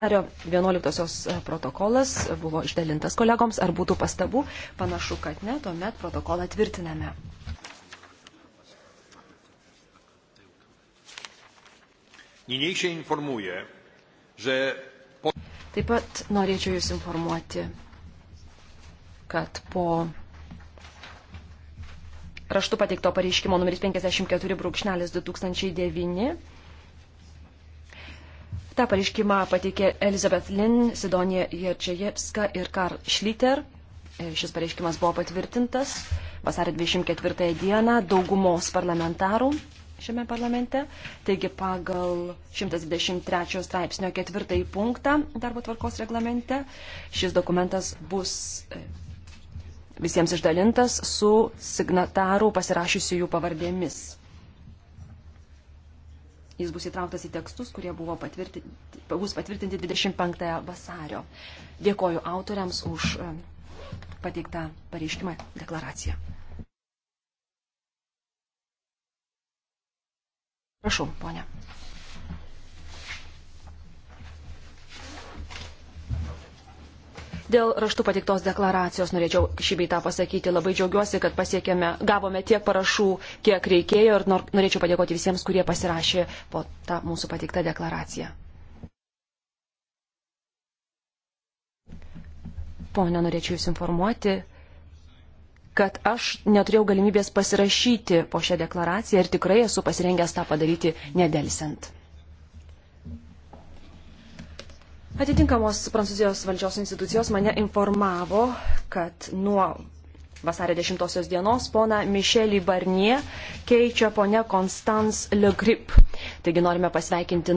Nario 11 e, protokolas buvo išdalintas kolegoms, ar būtų pastabų, panašu, kad ne, tuomet protokolą tvirtiname. Niniejšie informuoja, že... Po... Taip pat norėčiau Jūs informuoti, kad po raštu pateikto pareiškimo numeris 54 brūkšnelis 2009 Ta pareiškimą pateikė Elizabeth Lin, Sidonija Jerčejevska ir Karl Schlitter. E, šis pareiškimas buvo patvirtintas vasarį 24 dieną daugumos parlamentarų šiame parlamente. Taigi pagal 123 straipsnio ketvirtąjį punktą darbo tvarkos reglamente šis dokumentas bus e, visiems išdalintas su signatarų pasirašysiu jų pavardėmis. Jis bus įtrauktas į tekstus, kurie buvo patvirtinti, bus patvirtinti 25 vasario. Dėkoju autoriams už um, pateiktą pareiškimą deklaraciją. Prašau, ponia. Dėl raštų patiktos deklaracijos norėčiau šį beitą pasakyti. Labai džiaugiuosi, kad pasiekėme, gavome tiek parašų, kiek reikėjo ir norėčiau padėkoti visiems, kurie pasirašė po tą mūsų patiktą deklaraciją. Pone, norėčiau Jūs informuoti, kad aš neturėjau galimybės pasirašyti po šią deklaraciją ir tikrai esu pasirengęs tą padaryti nedelsiant. Atitinkamos Prancūzijos valdžios institucijos mane informavo, kad nuo vasario 10 dienos pona Mišelį Barnie keičia ponia Konstans Le Grip. Taigi norime pasveikinti.